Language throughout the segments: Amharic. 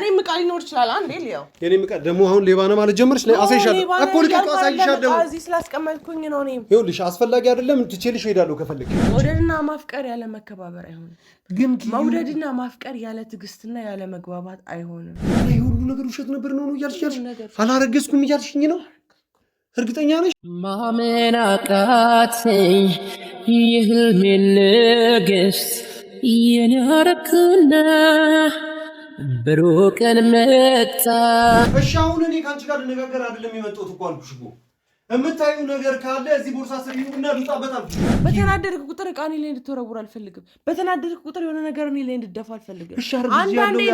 የእኔም ዕቃ ሊኖር ይችላል። አንዴ ልየው። የእኔም ምቃ ደግሞ አሁን ሌባ ነው ማለት ጀመርሽ። አሳይሻለሁ እኮ ልቀቅ፣ አሳይሻለሁ። እዚህ ስላስቀመጥኩኝ ነው። እኔም ይኸውልሽ፣ አስፈላጊ አይደለም ትቼልሽ እሄዳለሁ። ከፈለግሽ መውደድና ማፍቀር ያለ መከባበር አይሆንም፣ ግን መውደድና ማፍቀር ያለ ትዕግስትና ያለ መግባባት አይሆንም። ይሄ ሁሉ ነገር ውሸት ነበር ነው ነው እያልሽ አላረገዝኩም እያልሽኝ ነው። እርግጠኛ ነሽ? ማመን አቃተኝ የህልሜ ንግስት የኔ አረክና ብሩቅን መጣ። እሺ አሁን እኔ ከአንቺ ጋር ልነጋገር አይደለም የመጣሁት እኮ አልኩሽ እኮ የምታዩ ነገር ካለ እዚህ ቦርሳ ስሪና ልጣበት አልኩሽ። በተናደድክ ቁጥር እቃ እኔ ላይ እንድትወረውር አልፈልግም። በተናደድክ ቁጥር የሆነ ነገር እኔ ላይ እንድደፋ አልፈልግም። አንዳንዴ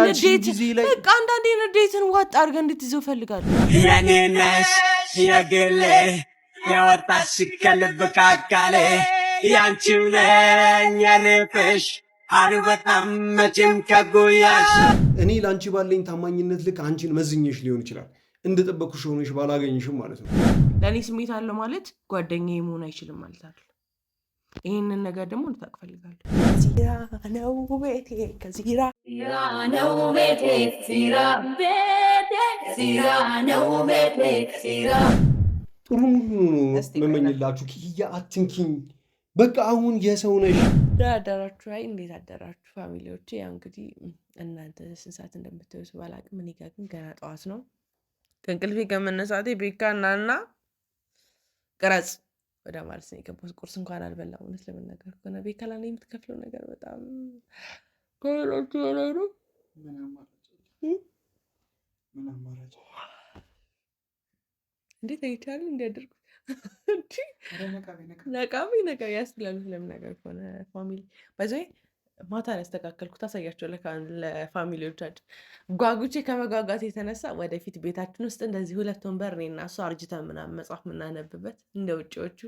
ንዴትን ዋጥ አድርገህ እንድትይዘው እፈልጋለሁ። የኔነሽ የግሌ ያወጣሽ ከልብ ካካሌ ያንቺው ነኝ የልብሽ አሉ በጣም መቼም ከጉያሽ እኔ ለአንቺ ባለኝ ታማኝነት ልክ አንቺን መዝኜሽ ሊሆን ይችላል እንደጠበኩሽ ሆነሽ ባላገኝሽም ማለት ነው። ለእኔ ስሜት አለ ማለት ጓደኛ መሆን አይችልም ማለት አለ። ይህንን ነገር ደግሞ ልታቅ ፈልጋለሁ። ዚራ ነው ቤቴ ከዚራ ነው ቤቴ ዚራ ቤቴ ዚራ ነው ቤቴ ዚራ ጥሩ ሙሉ ነው መመኝላችሁ። ክያ አትንኪኝ በቃ አሁን የሰው ነሽ አደራችሁ? አይ እንዴት አደራችሁ ፋሚሊዎች? ያው እንግዲህ እናንተ ስንት ሰዓት እንደምትወስ ባላቅም፣ እኔ ጋር ግን ገና ጠዋት ነው። ከእንቅልፌ ከመነሳቴ ቤካ እናና ቅረጽ ወደ ማለት ነው የገባሁት። ቁርስ እንኳን አልበላም። እውነት ለመናገር ከሆነ ቤካ ላ የምትከፍለው ነገር በጣም ከሌሎቹ ነው። እንዴት አይቻልም እንዲያደርጉ ነቃቢ ነቃ ያስብላሉ። ስለምን ነገር ከሆነ ፋሚሊ በዚ ማታ ያስተካከልኩት አሳያቸው ለፋሚሊዎቻችን ጓጉቼ ከመጓጓት የተነሳ ወደፊት ቤታችን ውስጥ እንደዚህ ሁለት ወንበር እና እሱ አርጅተን ምናምን መጽሐፍ ምናነብበት እንደ ውጭዎቹ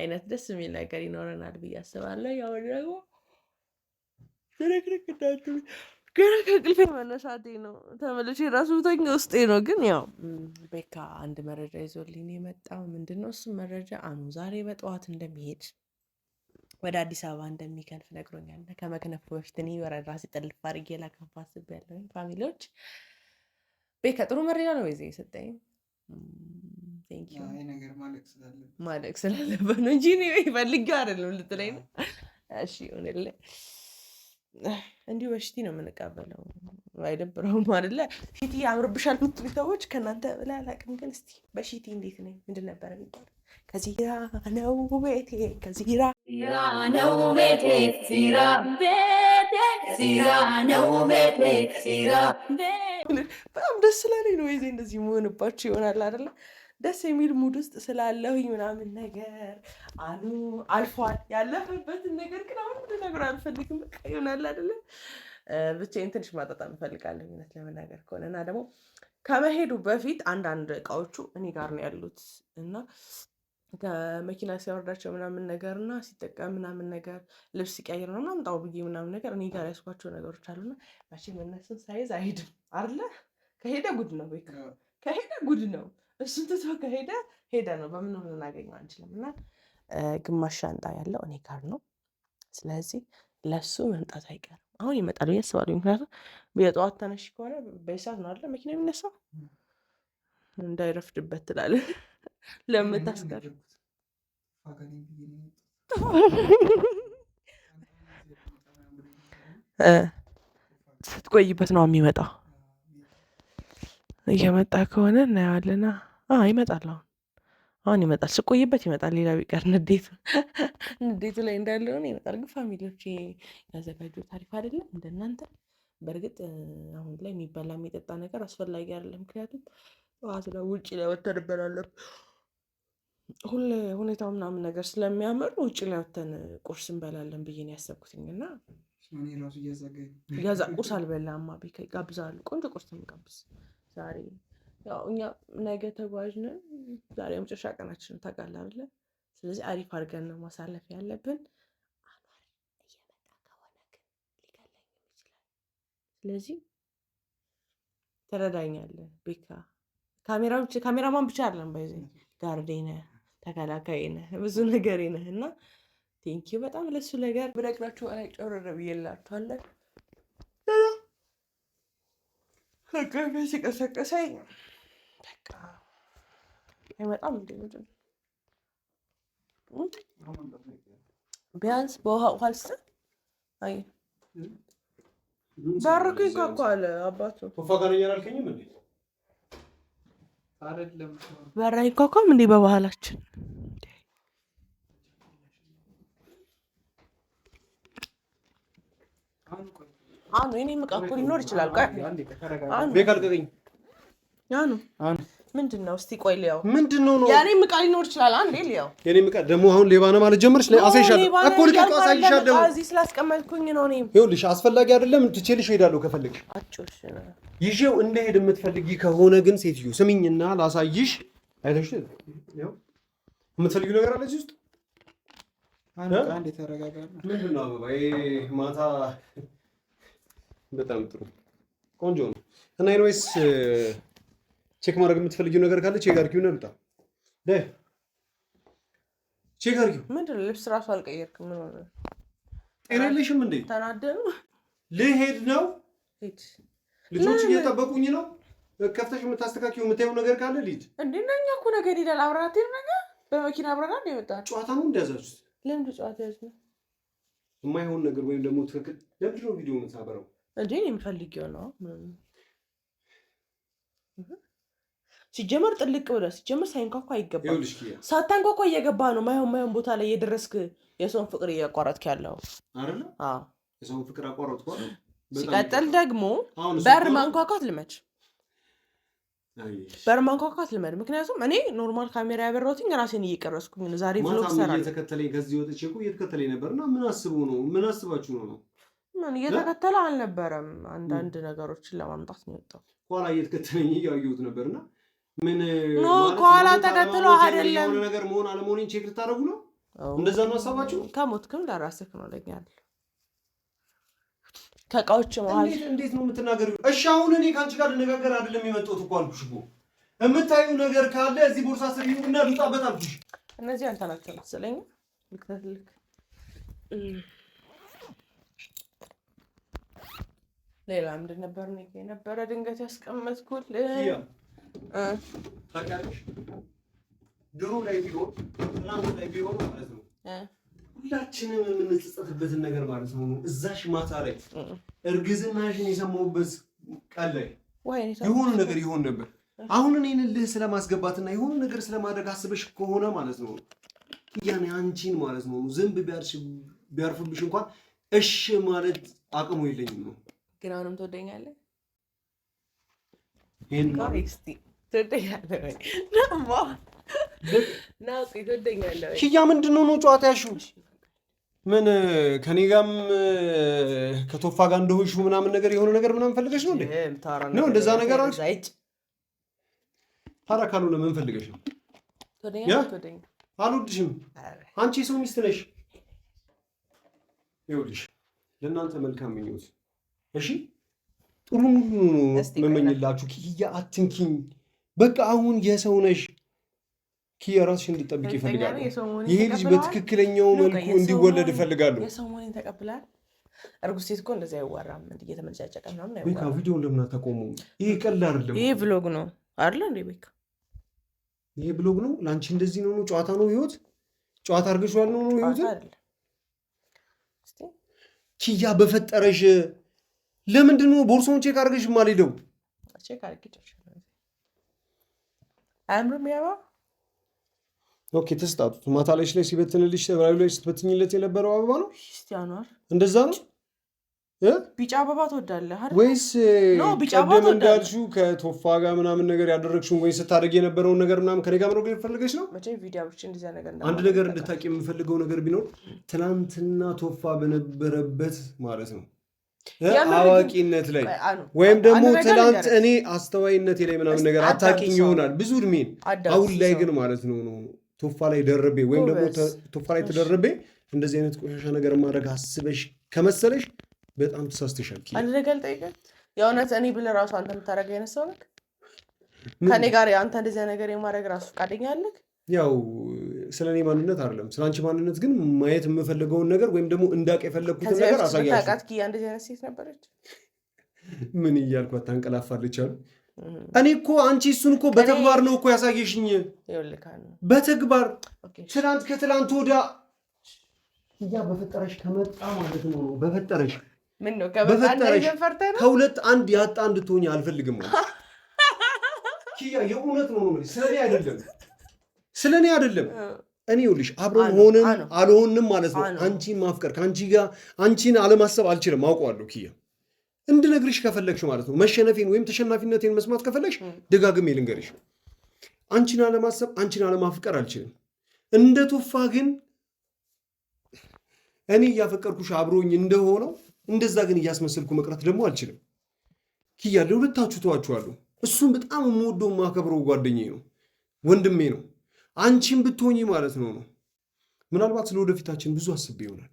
አይነት ደስ የሚል ነገር ይኖረናል ብዬ አስባለሁ። ያው ደግሞ ገና ከእንቅልፌ መነሳቴ ነው። ተመልሼ ራሱ ተኛ ውስጤ ነው። ግን ያው ቤካ አንድ መረጃ ይዞልኝ የመጣው ምንድን ነው? እሱም መረጃ አኑ ዛሬ በጠዋት እንደሚሄድ ወደ አዲስ አበባ እንደሚከንፍ ነግሮኛል። ከመክነፉ በፊት እኔ ራሴ ጠልፍ አድርጌ ላከንፍ አስቤያለሁ። ፋሚሊዎች ቤካ ጥሩ መረጃ ነው ይዘ የሰጠኝ ማለቅ ስላለበት ነው እንጂ ፈልጌው አይደለም ልትለኝ ነው። እሺ ሆንልኝ እንዲሁ በሽቲ ነው የምንቀበለው። አይደብረውም አይደለ? ፊቲ አምርብሻል ምትሉ ሰዎች ከእናንተ ብላ ላቅም። ግን እስኪ በሽቲ እንዴት ነው ምንድን ነበረ የሚባለው? ከዚራ ነው ቤቴ ከዚራ ነው ቤቴ ዚራ ቤቴ ዚራ ነው ቤቴ ዚራ በጣም ደስ ስላለኝ ነው ዜ እንደዚህ መሆንባቸው ይሆናል አይደለ? ደስ የሚል ሙድ ውስጥ ስላለሁኝ ምናምን ነገር አሉ አልፏል። ያለፈበትን ነገር ግን አሁን ነገር አልፈልግም። በቃ ይሆናል አይደለም ብቻዬን ትንሽ ማጣጣም እፈልጋለሁ እውነት ለመናገር ከሆነ እና ደግሞ ከመሄዱ በፊት አንዳንድ እቃዎቹ እኔ ጋር ነው ያሉት እና ከመኪና ሲያወርዳቸው ምናምን ነገር እና ሲጠቀም ምናምን ነገር ልብስ ሲቀይር ነው ምናምን ጣው ብዬ ምናምን ነገር እኔ ጋር ያስኳቸው ነገሮች አሉና መቼም እነሱን ሳይዝ አይሄድም አለ። ከሄደ ጉድ ነው፣ ከሄደ ጉድ ነው። እሱን ትቶ ከሄደ ሄደ ነው። በምንም ልናገኘው አንችልም። እና ግማሽ ሻንጣ ያለው እኔ ጋር ነው። ስለዚህ ለሱ መምጣት አይቀርም። አሁን ይመጣሉ እያስባለሁ። ምክንያቱም የጠዋት ተነሽ ከሆነ በሳት ነው አለ መኪና የሚነሳው እንዳይረፍድበት ትላለ ለምታስቀር ስትቆይበት ነው የሚመጣው። እየመጣ ከሆነ እናየዋለና ይመጣል። አሁን አሁን ይመጣል። ስቆይበት ይመጣል። ሌላ ቢቀር ንዴቱ ንዴቱ ላይ እንዳለሆነ ይመጣል። ግን ፋሚሊዎች ያዘጋጁ አሪፍ አይደለም እንደናንተ። በእርግጥ አሁን ላይ የሚበላ የሚጠጣ ነገር አስፈላጊ አይደለም። ምክንያቱም ጠዋት ላይ ውጭ ላይ ወተን እንበላለን። ሁሌ ሁኔታው ምናምን ነገር ስለሚያምር ውጭ ላይ ወተን ቁርስ እንበላለን ብዬ ነው ያሰብኩትኝ እና ቁርስ አልበላማ ቤት ጋብዛሉ። ቆንጆ ቁርስ የሚጋብዝ ዛሬ ያው እኛ ነገ ተጓዥ ነን። ዛሬ የመጨረሻ ቀናችን ታውቃለህ አይደለ? ስለዚህ አሪፍ አድርገን ነው ማሳለፍ ያለብን። አኗር እየመጣ ከሆነ ግን ሊገለኝም ይችላል። ስለዚህ ትረዳኛለህ ቤካ። ካሜራማን ብቻ አይደለም ባይዘ ጋርዴ ነህ፣ ተከላካይ ነህ፣ ብዙ ነገር ነህ እና ቴንኪው በጣም ለሱ ነገር ብነግራችሁ አላይ ጨረረ ብዬላችኋለን። እግሬ ሲቀሰቅሰኝ በቃ አይመጣም። እንደ ቢያንስ በውሃ ውሃ ልስጥህ። አይ ባረኩኝ እኮ አለ አባቱ። በራ ይኳኳም እንዴ በባህላችን አኑ የኔም ዕቃ እኮ ሊኖር ይችላል። አኑ ምንድን ነው? እስቲ ቆይ ሊያው ምንድን ነው ነው የኔም ዕቃ ሊኖር ይችላል። አንዴ ሊያው የኔ ምቃ ደግሞ አሁን ሌባ ነው ማለት ጀመርሽ። እዚህ ስላስቀመጥኩኝ ነው። እኔም ይኸውልሽ አስፈላጊ አይደለም ትቼልሽ እሄዳለሁ። ከፈለግሽ ይዤው እንደሄድ የምትፈልጊ ከሆነ ግን ሴትዮ ስሚኝና ላሳይሽ። አይተሽ የምትፈልጊው ነገር አለ እዚህ ውስጥ በጣም ጥሩ ቆንጆ ነው። እና ኤኒዌይስ ቼክ ማድረግ የምትፈልጊው ነገር ካለ ቼክ አድርጊው። ነምጣ ቼክ አድርጊው። ምንድን ነው ልብስ ራሱ አልቀየርክም? ምን ሆነ? ጤና የለሽም እንዴ? ተናደኑ። ልሄድ ነው። ልጆች እየጠበቁኝ ነው። ከፍተሽ የምታስተካኪው የምታየው ነገር ካለ ልሂድ። እንደናኛ እኛ እኮ ነገ እንሄዳለን። አብረናት ሄድ ነገር በመኪና አብረና ነው የወጣ ጨዋታ ነው እንደያዛችሁት። ለምንድን ጨዋታ ያዝ ነው የማይሆን ነገር ወይም ደግሞ ትክክል ለምንድን ነው ቪዲዮ የምታበረው? እንዴ የምፈልጊው ነው። ሲጀመር ጥልቅ ብለህ ሲጀመር ሳይንኳኳ አይገባም። ሳታንኳኳ እየገባ ነው ማይሆን ማይሆን ቦታ ላይ የደረስክ የሰውን ፍቅር እያቋረጥክ ያለው የሰውን ፍቅር አቋረጥኩ። ሲቀጥል ደግሞ በር ማንኳኳት ልመድ፣ በር ማንኳኳት ልመድ። ምክንያቱም እኔ ኖርማል ካሜራ ያበራሁትኝ ራሴን እየቀረስኩኝ ዛሬ ብሎግ ሰራ። እየተከተለኝ ከዚህ ወጥቼ እኮ እየተከተለኝ ነበርና ምን አስቡ ነው ምን አስባችሁ ነው ነው ምን እየተከተለ አልነበረም። አንዳንድ ነገሮችን ለማምጣት ነው የወጣው። ኋላ እየተከተለኝ እያየሁት ነበርና ምን ከኋላ ተከትሎ አይደለም ነገር መሆን አለመሆኔን ቼክ ልታደርጉ ነው። እንደዛ ነው ሀሳባችሁ። ከሞትክም ለራስህ ነው ለኛል ከእቃዎች መሀል እንዴት ነው የምትናገሪው? እሺ አሁን እኔ ከአንቺ ጋር ልነጋገር አይደለም የመጣሁት እኮ አልኩሽ እኮ የምታዩ ነገር ካለ እዚህ ቦርሳ ስር ይሁንና ልውጣበት አልኩሽ። እነዚህ አንተ ናቸው መሰለኝ ልክ ሌላ ምንድን ነበር የነበረ ድንገት ያስቀመጥኩል ድሮ ላይ ቢሆን ትናንት ላይ ቢሆን ማለት ነው ሁላችንም የምንጸጸትበትን ነገር ማለት ነው። እዛሽ ማታ ላይ እርግዝናሽን የሰማሁበት ቀን ላይ የሆኑ ነገር ይሆን ነበር። አሁን እኔን ልህ ስለማስገባትና የሆኑ ነገር ስለማድረግ አስበሽ ከሆነ ማለት ነው ያኔ አንቺን ማለት ነው ዝንብ ቢያርፍብሽ እንኳን እሽ ማለት አቅሙ የለኝም ነው ግን አሁንም ትወደኛለህ? ሽያ ምንድን ነው ጨዋታ ያልሺው? ምን ከኔ ጋርም ከቶፋ ጋር እንደሆንሽ ምናምን ነገር የሆነ ነገር ምናምን ፈልገሽ ነው ነው እንደዛ ነገር አልሽ። ታዲያ ካልሆነ ምን ፈልገሽ ነው? አልወድሽም። አንቺ የሰው ሚስት ነሽ። ይኸውልሽ ለእናንተ መልካም ምኞት እሺ ጥሩ ሙሉ መመኝላችሁ። ኪያ አትንኪኝ፣ በቃ አሁን የሰው ነሽ። ኪያ ራስሽ እንድጠብቅ ይፈልጋሉ። ይሄ ልጅ በትክክለኛው መልኩ እንዲወለድ ይፈልጋሉ። የሰሞኑን ተቀብላል። እርጉዝ ሴት እኮ እንደዚህ አይወራም። እየተመጫጨቀ ምናምን ቤካ ቪዲዮ ለምን አታቆሙም? ይሄ ቀልድ አይደለም። ይሄ ብሎግ ነው አይደለ እንዴ? ቤካ ይሄ ብሎግ ነው። ለአንቺ እንደዚህ ነው ነው ጨዋታ ነው ህይወት። ጨዋታ አድርገሽዋል ነው ነው ህይወት። ኪያ በፈጠረሽ ለምንድን ነው ቦርሳውን ቼክ አድርገሽ የማልሄደው? ኦኬ ተስጣጡት ማታ ላይሽ ላይ ሲበትንልሽ ተብራዊ ላይ ስትበትኝለት የነበረው አበባ ነው። እንደዛ ነው። ቢጫ አበባ ትወዳለህ ወይስ ቅድም እንዳልሽው ከቶፋ ጋር ምናምን ነገር ያደረግሽውን ወይ ስታደርግ የነበረውን ነገር ምናምን ከኔ ጋር መኖር የምፈልገች ነው? አንድ ነገር እንድታቂ የምፈልገው ነገር ቢኖር ትናንትና ቶፋ በነበረበት ማለት ነው አዋቂነት ላይ ወይም ደግሞ ትላንት እኔ አስተዋይነቴ ላይ ምናምን ነገር አታቂኝ ይሆናል ብዙ እድሜን። አሁን ላይ ግን ማለት ነው ነው ቶፋ ላይ ደርቤ ወይም ደግሞ ቶፋ ላይ ተደርቤ እንደዚህ አይነት ቆሻሻ ነገር ማድረግ አስበሽ ከመሰለሽ በጣም ተሳስተሻል። አንድ ነገር የእውነት እኔ ብለህ ራሱ አንተ የምታደርገው የነሳው ከኔ ጋር አንተ እንደዚያ ነገር የማድረግ ራሱ ፈቃደኛ አለህ? ያው ስለ እኔ ማንነት አይደለም፣ ስለ አንቺ ማንነት ግን ማየት የምፈልገውን ነገር ወይም ደግሞ እንዳቅ የፈለግኩትን ነገር አሳያችሁ። እንደዚህ አይነት ሴት ነበረች። ምን እያልኩ ታንቀላፋለች አሉ። እኔ እኮ አንቺ እሱን እኮ በተግባር ነው እኮ ያሳየሽኝ፣ በተግባር ትላንት ከትላንት ወዲያ እያ በፈጠረሽ ከመጣ ማለት ነው በፈጠረሽ በፈጠረሽ ከሁለት አንድ ያጣ እንድትሆኝ አልፈልግም። ኪያ የእውነት ነው ነው ስለ አይደለም ስለ እኔ አይደለም። እኔ ይኸውልሽ አብረን ሆንን አልሆንም ማለት ነው። አንቺን ማፍቀር ከአንቺ ጋር አንቺን አለማሰብ አልችልም፣ አውቀዋለሁ። ኪያ እንድነግርሽ ከፈለግሽ ማለት ነው መሸነፌን ወይም ተሸናፊነቴን መስማት ከፈለግሽ ደጋግሜ ልንገርሽ፣ አንቺን አለማሰብ አንቺን አለማፍቀር አልችልም። እንደ ቶፋ ግን እኔ እያፈቀርኩሽ አብሮኝ እንደሆነው እንደዛ ግን እያስመሰልኩ መቅረት ደግሞ አልችልም። ኪያ ለሁለታችሁ ተዋችኋለሁ። እሱም በጣም የምወደው የማከብረው ጓደኛዬ ነው፣ ወንድሜ ነው። አንቺን ብትሆኚ ማለት ነው ነው ምናልባት ስለወደፊታችን ብዙ አስቤ ይሆናል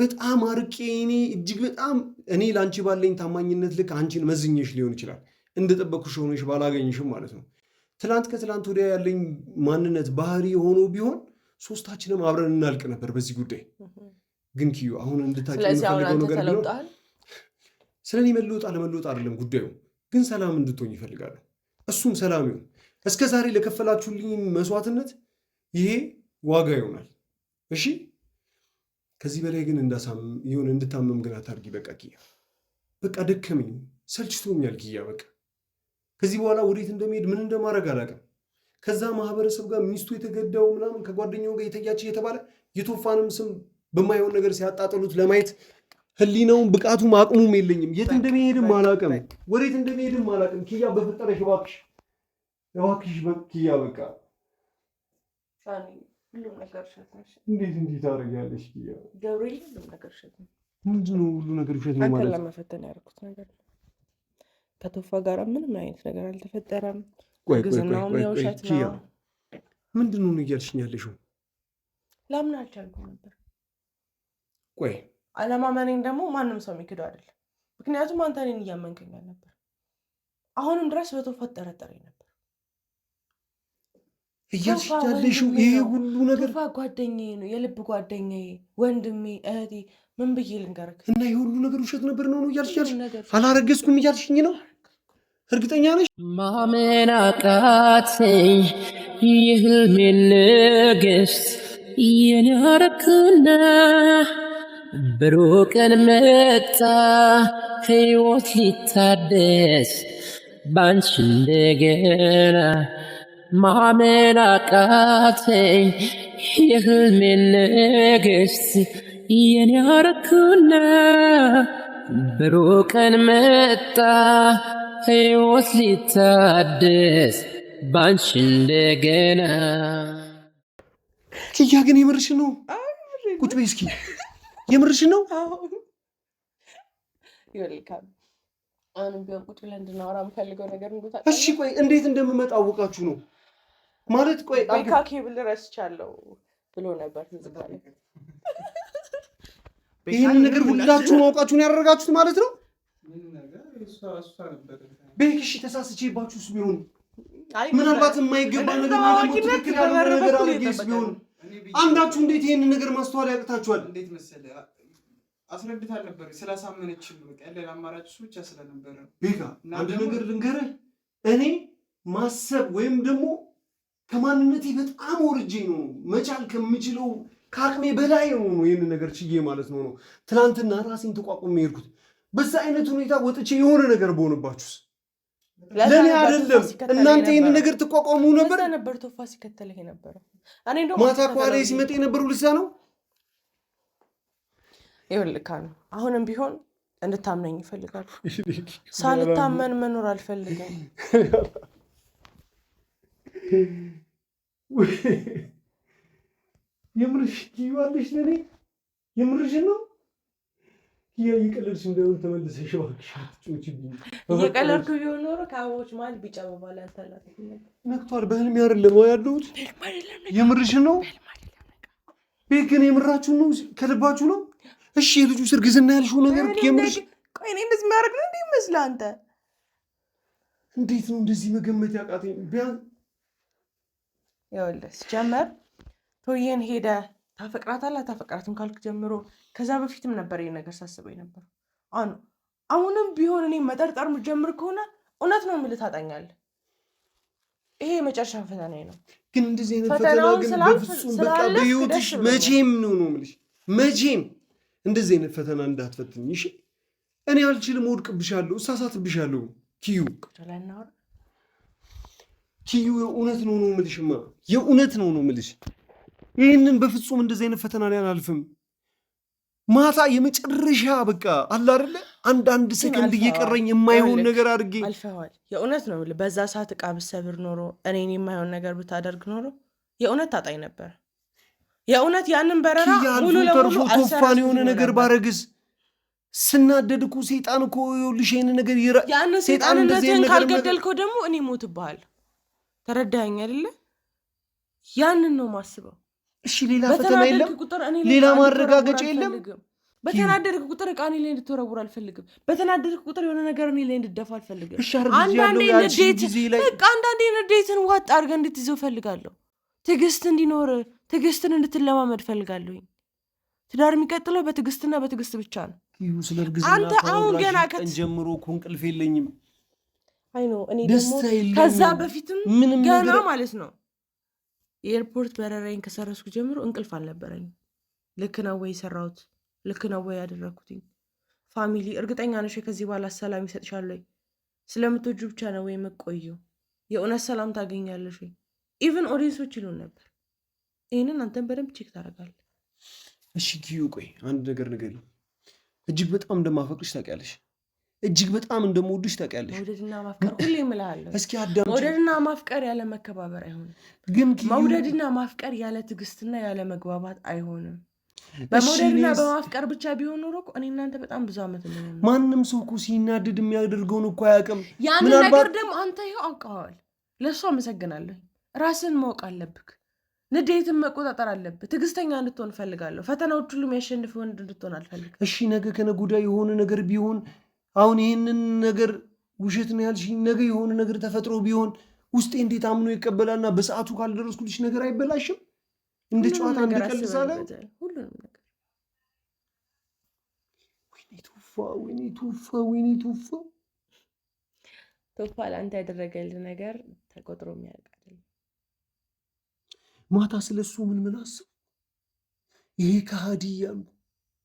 በጣም አርቄ እኔ እጅግ በጣም እኔ ለአንቺ ባለኝ ታማኝነት ልክ አንቺን መዝኘሽ ሊሆን ይችላል እንደጠበኩሽ ሆነሽ ባላገኝሽም ማለት ነው። ትላንት ከትላንት ወዲያ ያለኝ ማንነት ባህሪ ሆኖ ቢሆን ሶስታችንም አብረን እናልቅ ነበር በዚህ ጉዳይ። ግን ኪዩ አሁን እንድታቂ የምፈልገው ነገር ቢሆን ስለ እኔ መለወጥ አለመለወጥ አይደለም ጉዳዩ፣ ግን ሰላም እንድትሆኝ ይፈልጋለሁ። እሱም ሰላም ይሁን እስከ ዛሬ ለከፈላችሁልኝ መስዋዕትነት ይሄ ዋጋ ይሆናል። እሺ ከዚህ በላይ ግን የሆነ እንድታመም ግን አታርጊ። በቃ ኪያ በቃ ደከመኝ፣ ሰልችቶኛል ኪያ በቃ ከዚህ በኋላ ወዴት እንደሚሄድ ምን እንደማድረግ አላውቅም። ከዛ ማህበረሰብ ጋር ሚስቱ የተገዳው ምናምን ከጓደኛው ጋር የተያች እየተባለ የቶፋንም ስም በማይሆን ነገር ሲያጣጥሉት ለማየት ህሊናውን ብቃቱም አቅሙም የለኝም። የት እንደሚሄድም አላውቅም፣ ወዴት እንደሚሄድም አላውቅም። ኪያ በፈጠረሽ እባክሽ እባክሽ በኪያ በቃ ሁሉም ነገር እንዴት ታደርጊያለሽ ነገር ነው። ምንድን ነው ሁሉ ነገር ውሸት ነው ማለት? ለመፈተን ያደረኩት ነገር ከቶፋ ጋር ምንም አይነት ነገር አልተፈጠረም። ግዝናውም ነው። ምንድን ነው እያልሽኝ ያለሽው? ላምን አልቻልኩም ነበር። ቆይ አለማመኔን ደግሞ ማንም ሰው የሚክደው አይደለም። ምክንያቱም አንተ እኔን እያመንከኛል ነበር። አሁንም ድረስ በቶፋ ትጠረጠረኝ ነበር እያልሽ ይሄ ሁሉ ነገር ቶፋ ጓደኛዬ ነው፣ የልብ ጓደኛዬ፣ ወንድሜ፣ እህቴ ምን ብዬ ልንገርክ? እና ይሄ ሁሉ ነገር ውሸት ነበር ነው ነው እያልሽ ያልሽ አላረገዝኩም እያልሽኝ ነው? እርግጠኛ ነሽ? ማመን አቃተኝ። የህልሜ ንግስት የኔ አረክና ብሩህ መጣ፣ ህይወት ሊታደስ ባንቺ እንደገና ማመን አቃተኝ የህልሜን ንግሥት የኔ አረኩና ብሩህ ቀን መጣ ሕይወት ሊታደስ ባንቺ እንደገና። ኪያ ግን የምርሽ ነው? ቁጭ በይ እስኪ የምርሽ ነው? አሁንም ቢሆን ቁጭ ብለን እንድናወራ የምፈልገው ነገር እንዴት እንደምመጣ አወቃችሁ ነው ማለት ቆይ ቤካ ኬብል ረስቻለሁ ብሎ ነበር። ይህን ነገር ሁላችሁ ማውቃችሁን ያደረጋችሁት ማለት ነው። ቤክ እሺ፣ ስ ቢሆን ምናልባት የማይገባ ነገር ነገር ቢሆን አንዳችሁ እንዴት ይህን ነገር ማስተዋል ያቅታችኋል? እንዴት መሰለህ አስረድታ ነበር ስላሳመነች ቀለል አማራጭ እሱ ብቻ ስለነበረ ቤካ፣ አንድ ነገር ልንገርህ እኔ ማሰብ ወይም ደግሞ ከማንነቴ በጣም ወርጄ ነው መቻል ከምችለው ከአቅሜ በላይ ነው ይህን ነገር ችዬ ማለት ነው ነው ትናንትና ራሴን ተቋቁሜ የሄድኩት። በዛ አይነት ሁኔታ ወጥቼ የሆነ ነገር በሆነባችሁስ ለእኔ አይደለም እናንተ ይህን ነገር ትቋቋሙ ነበር ነበር ቶፋ ሲከተል ነበረ ማታ ኳላ ሲመጣ የነበረው ልሳ ነው ይኸውልህ ነው አሁንም ቢሆን እንድታምነኝ ይፈልጋሉ። ሳልታመን መኖር አልፈልግም። የምርሽ ጊዜዋለሽ ለኔ የምርሽን ነው? እየቀለድሽ እንደሆነ ተመልሰሽ እባክሽ አትጮችብኝ። እየቀለድኩ ቢሆን ኖሮ ከአበቦች መሀል ቢጫ አበባ ነክቷል። በህልሜ አይደለም ያለሁት። የምርሽን ነው ቤት ግን የምራችሁ ነው? ከልባችሁ ነው? እሺ የልጁ እርግዝና ያልሽው ነገር የምርሽ? ቆይ እኔ እንደዚህ የሚያደርግ ነው አንተ? እንዴት ነው እንደዚህ መገመት ያቃተኝ ቢያንስ ይኸውልህ ሲጀመር ቶዬን ሄደ ታፈቅራታለህ አታፈቅራትም ካልክ ጀምሮ ከዛ በፊትም ነበር ይህ ነገር ሳስበው ነበር። አኑ አሁንም ቢሆን እኔ መጠርጠር ምጀምር ከሆነ እውነት ነው የምልህ ታጣኛለህ። ይሄ የመጨረሻ ፈተና ነው። ግን እንደዚህ አይነት ፈተና ግን በፍጹም በቃ በህይወትሽ መቼም ነው ነው የምልሽ መቼም እንደዚህ አይነት ፈተና እንዳትፈትኝ እሺ። እኔ አልችልም፣ ወድቅብሻለሁ፣ እሳሳትብሻለሁ ኪዩ ትዩ የእውነት ነው ነው ምልሽማ፣ የእውነት ነው ነው ምልሽ። ይህንን በፍጹም እንደዚህ አይነት ፈተና ላይ አላልፍም። ማታ የመጨረሻ በቃ አለ አይደለ፣ አንዳንድ ሰከንድ እየቀረኝ የማይሆን ነገር አድርጌ አልፈዋል። የእውነት ነው በዛ ሰዓት እቃ ብሰብር ኖሮ እኔን የማይሆን ነገር ብታደርግ ኖሮ የእውነት ታጣኝ ነበር። የእውነት ያንን በረራ ሙሉ ለሙሉ ቶፋን የሆነ ነገር ባረግዝ ስናደድ እኮ ሴጣን እኮ ይኸውልሽ፣ ይሄን ነገር ሴጣን እንደዚህ ካልገደልከው ደግሞ እኔ ሞት ይባሃል። ተረዳኸኝ አይደለ? ያንን ነው ማስበው። እሺ፣ ሌላ ፈተና የለም፣ ሌላ ማረጋገጫ የለም። በተናደድክ ቁጥር እቃ እኔ ላይ እንድትወረውር አልፈልግም። በተናደድክ ቁጥር የሆነ ነገር እኔ ላይ እንድደፋ አልፈልግም። አንዳንዴ ንዴትን ዋጥ አድርገህ እንድትይዘው ፈልጋለሁ። ትዕግስት እንዲኖር ትዕግስትን እንድትለማመድ ፈልጋለሁ። ትዳር የሚቀጥለው በትዕግስትና በትዕግስት ብቻ ነው። አንተ አሁን ገና ከጀምሮ እኮ እንቅልፍ የለኝም አይ ነው እኔ ደግሞ ከዛ በፊትም ገና ማለት ነው የኤርፖርት በረራዬን ከሰረስኩ ጀምሮ እንቅልፍ አልነበረኝ። ልክ ነው ወይ የሰራሁት? ልክ ነው ወይ ያደረግኩትኝ? ፋሚሊ እርግጠኛ ነሽ ከዚህ በኋላ ሰላም ይሰጥሻል ወይ? ስለምትወጁ ብቻ ነው ወይ መቆዩ? የእውነት ሰላም ታገኛለሽ ወይ? ኢቨን ኦዲየንሶች ይሉን ነበር። ይህንን አንተን በደንብ ቼክ ታደርጋለህ። እሺ ጊዩ፣ ቆይ አንድ ነገር ነገር እጅግ በጣም እንደማፈቅርሽ ታውቂያለሽ እጅግ በጣም እንደምወድሽ ታውቂያለሽ። መውደድና ማፍቀር ሁሌ እምላለሁ። እስኪ አዳምጪኝ። መውደድና ማፍቀር ያለ መከባበር አይሆንም፣ ግን መውደድና ማፍቀር ያለ ትዕግስትና ያለ መግባባት አይሆንም። በመውደድና በማፍቀር ብቻ ቢሆን ኖሮ እኔ እናንተ በጣም ብዙ ዓመት ማንም ሰው እኮ ሲናድድ የሚያደርገውን እኮ አያውቅም። ያን ነገር ደግሞ አንተ ይኸው አውቀዋል። ለእሱ አመሰግናለሁ። ራስን ማወቅ አለብክ። ንዴትን መቆጣጠር አለብህ። ትዕግስተኛ እንድትሆን እፈልጋለሁ። ፈተናዎች ሁሉ የሚያሸንፍ ወንድ እንድትሆን አልፈልግም። እሺ ነገ ከነገ ወዲያ የሆነ ነገር ቢሆን አሁን ይህንን ነገር ውሸት ነው ያልሽኝ፣ ነገ የሆነ ነገር ተፈጥሮ ቢሆን ውስጤ እንዴት አምኖ ይቀበላልና በሰዓቱ ካልደረስኩልሽ ነገር አይበላሽም? እንደ ጨዋታ እንደቀልሳለ ወይኔ ቱፋ፣ ወይኔ ቱፋ፣ ቱፋ። ለአንተ ያደረገልህ ነገር ተቆጥሮ የሚያልቅ አይደለም። ማታ ስለሱ ምን ምን አስብ፣ ይሄ ከሃዲ እያልኩ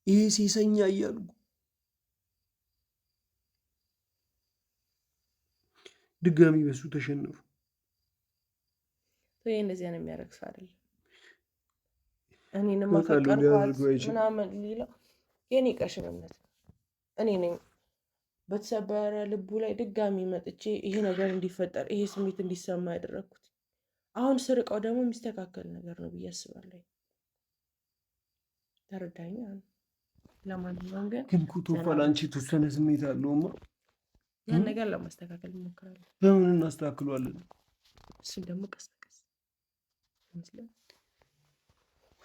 ይሄ ሴሰኛ እያልኩ ድጋሚ በሱ ተሸነፉ። ይህ እንደዚያ ነው የሚያደርግ ሰው አይደለም። እኔንማ ከቀርኳት ምናምን ሌላው የኔ ቀሽምነት እኔ ነኝ። በተሰበረ ልቡ ላይ ድጋሚ መጥቼ ይሄ ነገር እንዲፈጠር ይሄ ስሜት እንዲሰማ ያደረግኩት አሁን ስርቀው ደግሞ የሚስተካከል ነገር ነው ብዬ አስባለሁ። ተረዳኝ። ለማንኛውም ግን ግን ኩቶፋ ለአንቺ የተወሰነ ስሜት አለውማ ያን ነገር ለማስተካከል እንሞክራለን። በምን እናስተካክሏለን? እሱን ደግሞ ቀስ በቀስ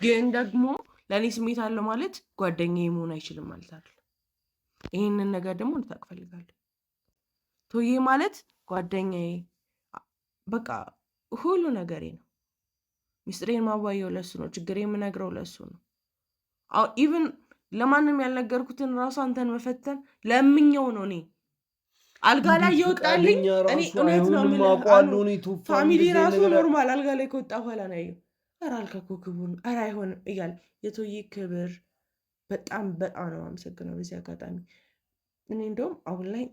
ግን ደግሞ ለእኔ ስሜት አለው ማለት ጓደኛ መሆን አይችልም ማለት አለ። ይህንን ነገር ደግሞ እንድታውቅ እፈልጋለሁ። ቶዬ ማለት ጓደኛዬ፣ በቃ ሁሉ ነገሬ ነው። ሚስጥሬን ማዋየው ለሱ ነው። ችግር የምነግረው ለሱ ነው። ኢቭን ለማንም ያልነገርኩትን ራሱ አንተን መፈተን ለምኘው ነው እኔ አልጋ ላይ የወጣልኝ ፋሚሊ ራሱ ኖርማል አልጋ ላይ ከወጣ በኋላ ነው ያየው። ኧረ አልጋ እኮ ክቡር ነው፣ ኧረ አይሆንም እያለ የቶዬ ክብር በጣም በጣም ነው የማመሰግነው በዚህ አጋጣሚ። እኔ እንደውም አሁን ላይ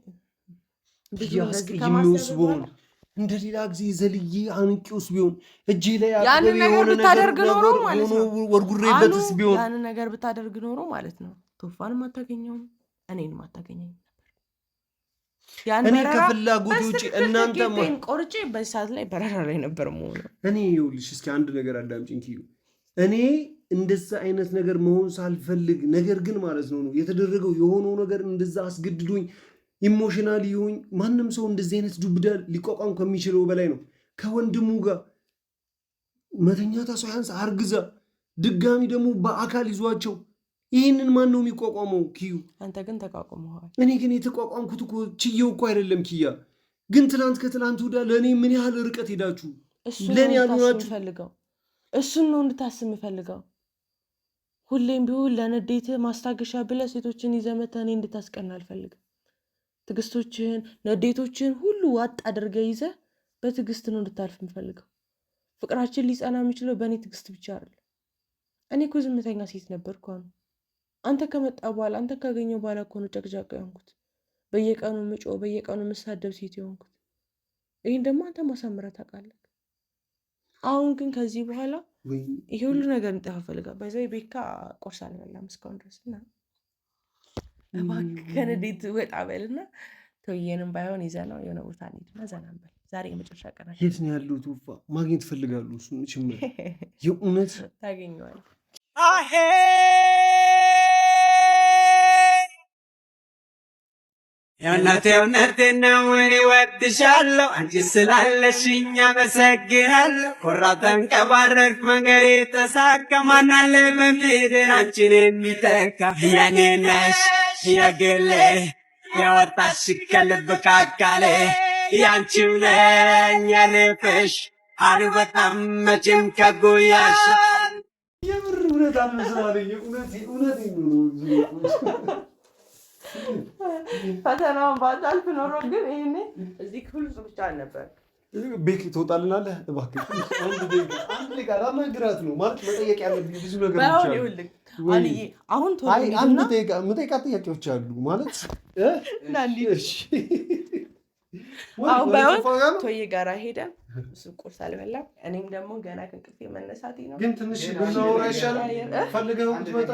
ያስቀይሜውስ ቢሆን እንደ ሌላ ጊዜ ዘልዬ አንቂውስ ቢሆን እጅ ላይ ያንን ነገር ብታደርግ ኖሮ ማለት ነው ወርጉሬበትስ ቢሆን ያንን ነገር ብታደርግ ኖሮ ማለት ነው ቶፋንም አታገኘውም እኔንም አታገኘኝም። እኔ ከፍላጎት ውጭ እናንተ ቆርጬ በዚህ ሰዓት ላይ በረራ ላይ ነበር መሆኑ። እኔ ይኸውልሽ፣ እስኪ አንድ ነገር አዳምጪኝ። እኔ እንደዛ አይነት ነገር መሆን ሳልፈልግ ነገር ግን ማለት ነው ነው የተደረገው የሆነው ነገር እንደዛ አስገድዶኝ ኢሞሽናል ይሁኝ። ማንም ሰው እንደዚህ አይነት ዱብዳ ሊቋቋም ከሚችለው በላይ ነው። ከወንድሙ ጋር መተኛታ ሳያንስ አርግዛ ድጋሚ ደግሞ በአካል ይዟቸው ይህንን ማን ነው የሚቋቋመው? ኪዩ አንተ ግን ተቋቁመዋል። እኔ ግን የተቋቋምኩት እኮ ችየው እኮ አይደለም። ኪያ ግን ትናንት ከትናንት ወዳ ለእኔ ምን ያህል ርቀት ሄዳችሁ ለእኔ ያሉናችሁ ፈልገው እሱን ነው እንድታስብ የምፈልገው። ሁሌም ቢሆን ለንዴት ማስታገሻ ብለህ ሴቶችን ይዘመተ እኔ እንድታስቀን አልፈልግም። ትዕግስቶችህን፣ ንዴቶችህን ሁሉ ዋጥ አድርገህ ይዘህ በትዕግስት ነው እንድታልፍ የምፈልገው። ፍቅራችን ሊጸና የሚችለው በእኔ ትዕግስት ብቻ አይደለም። እኔ እኮ ዝምተኛ ሴት ነበርኩ። አንተ ከመጣ በኋላ አንተ ካገኘው በኋላ እኮ ነው ጨቅጫቅ የሆንኩት፣ በየቀኑ ምጮ፣ በየቀኑ ምሳደብ ሴት የሆንኩት። ይህን ደግሞ አንተ ማሳምረህ ታውቃለህ። አሁን ግን ከዚህ በኋላ ይሄ ሁሉ ነገር እንጠፋ ፈልጋል። በዛ ቤካ ቁርስ አልበላም እስካሁን ድረስ እና እባክህን እንዴት ወጣ በልና ተውዬንም ባይሆን ይዘነው የሆነ ቦታ እንሂድና ዘና በል። ዛሬ የመጨረሻ ቀናት። የት ነው ያሉት? ውፋ ማግኘት እፈልጋለሁ። እሱን ችምር የእውነት ታገኘዋለህ እውነት እውነት ነው እወድሻለሁ አንቺ ስላለሽኝ አመሰግናለሁ። ኮራ ተንቀባረርክ መንገዴ ተሳካ ማናለ በምድር አንቺን የሚተካ የኔ ነሽ የግሌ የወጣሽ ከልብ ካካሌ ያንቺው ነኝ የልብሽ አሉ በጣም መቼም ከጉያሽ እውነት አልመስማለኝ። እውነት እውነት ነው። ፈተናውን ባታልፍ ኖሮ ግን ይህኔ እዚህ ክፍል ውስጥ ብቻ አልነበር። ቤክ ትወጣልናለህ እባክህ። አንድ ደቂቃ ለመግራት ነው ማለት መጠየቅ ያለብኝ ብዙ ነገር አሁን መጠየቃ ጥያቄዎች አሉ ማለት አሁን ባይሆን ቶዬ ጋራ ሄደን እሱ ቁርስ አልበላም። እኔም ደግሞ ገና ከእንቅልፌ መነሳቴ ነው። ግን ትንሽ ፈልገው ትመጣ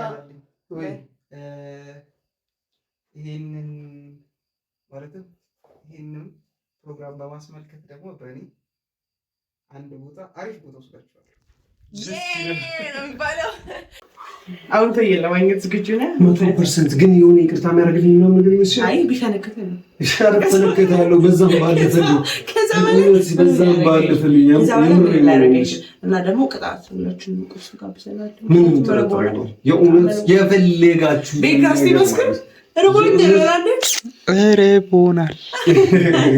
ማለትም ፕሮግራም በማስመልከት ደግሞ በእኔ አንድ ቦታ አሪፍ ቦታ ወስዳችኋል የሚባለው። አሁን ለማግኘት ዝግጁ ነህ? መቶ ፐርሰንት ግን የሆነ ይቅርታ የሚያደርግልኝ ነው ምግብ ይመስል አይ ነው ያለው በዛም ባለ እና ደግሞ ቅጣት ርቦናል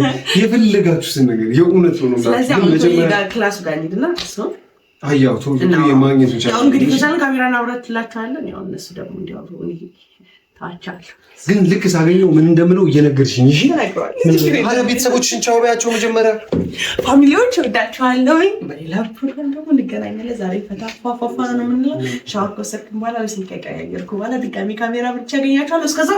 የፈለጋችሁትን ነገር የእውነት ነው። ክላስ ጋር እንሂድና አያው ቶሎ የማግኘት እንግዲህ ከዛን ካሜራን አብረት ያው እነሱ ደግሞ እንዲያወሩ ግን ልክ ሳገኘው ምን እንደምለው እየነገርሽኝ። እሺ አለ ቤተሰቦችሽን ቻው በያቸው። መጀመሪያ ፋሚሊዎች እወዳቸዋለሁ። በሌላ ፕሮግራም ደግሞ እንገናኛለን። ዛሬ ፈታ ፏፏፏ ነው የምንለው። ሻወር ከወሰድኩ በኋላ ስልክ ቀያየርኩ በኋላ ድጋሚ ካሜራ ብቻ ያገኛቸዋለሁ። እስከዛ